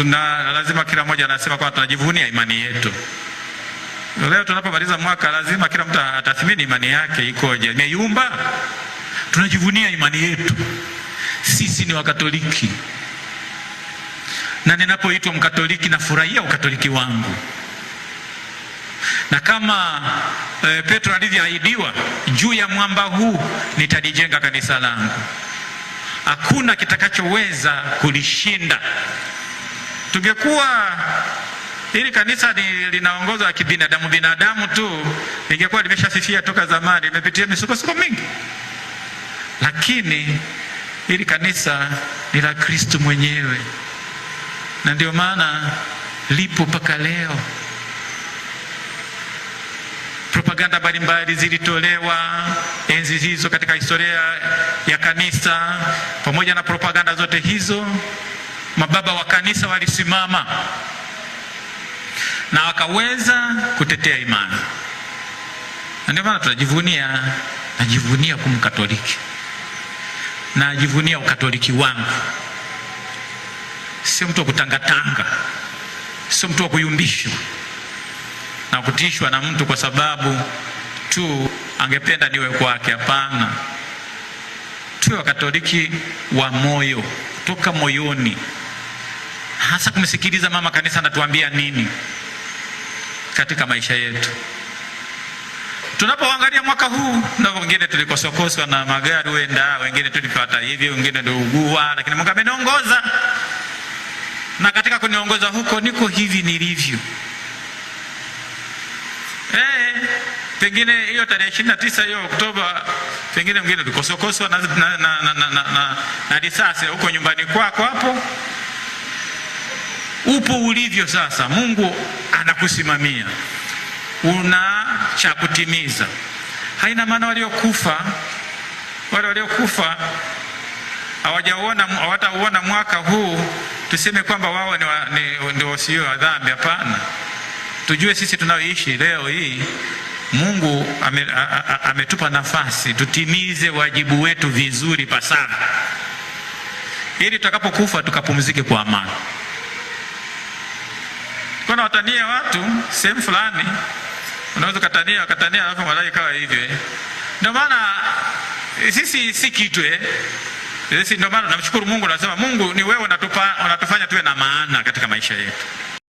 tuna lazima kila mmoja anasema kwamba tunajivunia imani yetu. Leo tunapomaliza mwaka, lazima kila mtu atathmini imani yake ikoje, imeyumba. Tunajivunia imani yetu, sisi ni Wakatoliki na ninapoitwa Mkatoliki nafurahia ukatoliki wangu, na kama e, Petro alivyoahidiwa, juu ya mwamba huu nitalijenga kanisa langu, hakuna kitakachoweza kulishinda. Tungekuwa ili kanisa linaongozwa kibinadamu binadamu tu, lingekuwa limeshafifia toka zamani, limepitia misukosuko mingi. Lakini hili kanisa ni la Kristo mwenyewe, na ndio maana lipo mpaka leo. Propaganda mbalimbali zilitolewa enzi hizo katika historia ya kanisa, pamoja na propaganda zote hizo mababa wa kanisa walisimama na wakaweza kutetea imani, na ndio maana tunajivunia. Najivunia kuwa Mkatoliki, najivunia ukatoliki wangu. Sio mtu wa kutangatanga, sio mtu wa kuyumbishwa na kutishwa na mtu kwa sababu tu angependa niwe kwake. Hapana, tuwe wakatoliki wa moyo, toka moyoni hasa kumsikiliza mama kanisa anatuambia nini katika maisha yetu. Tunapoangalia mwaka huu, na wengine tulikosokoswa na magari, wenda wengine tulipata hivi, wengine ndio ugua, lakini Mungu ameniongoza, na katika kuniongoza huko niko hivi nilivyo. Eh, pengine hiyo tarehe ishirini na tisa hiyo Oktoba, pengine mwingine tulikosokoswa na, na, na, na, na, na, na risasi huko nyumbani kwako hapo upo ulivyo sasa, Mungu anakusimamia, una cha kutimiza. Haina maana waliokufa wale waliokufa hawajaona hawatauona mwaka huu, tuseme kwamba wao ni, wa, ni, ni wasio wa dhambi. Hapana, tujue sisi tunaoishi leo hii Mungu ame, a, a, ametupa nafasi tutimize wajibu wetu vizuri pasavyo, ili tutakapokufa tukapumzike kwa amani. Kuna watania watu sehemu fulani, unaweza ukatania wakatania, alafu malaika ikawa hivyo. Ndio maana eh, sisi si kitu eh. Sisi ndio maana namshukuru Mungu, nasema Mungu ni wewe unatupa, unatufanya tuwe na maana katika maisha yetu.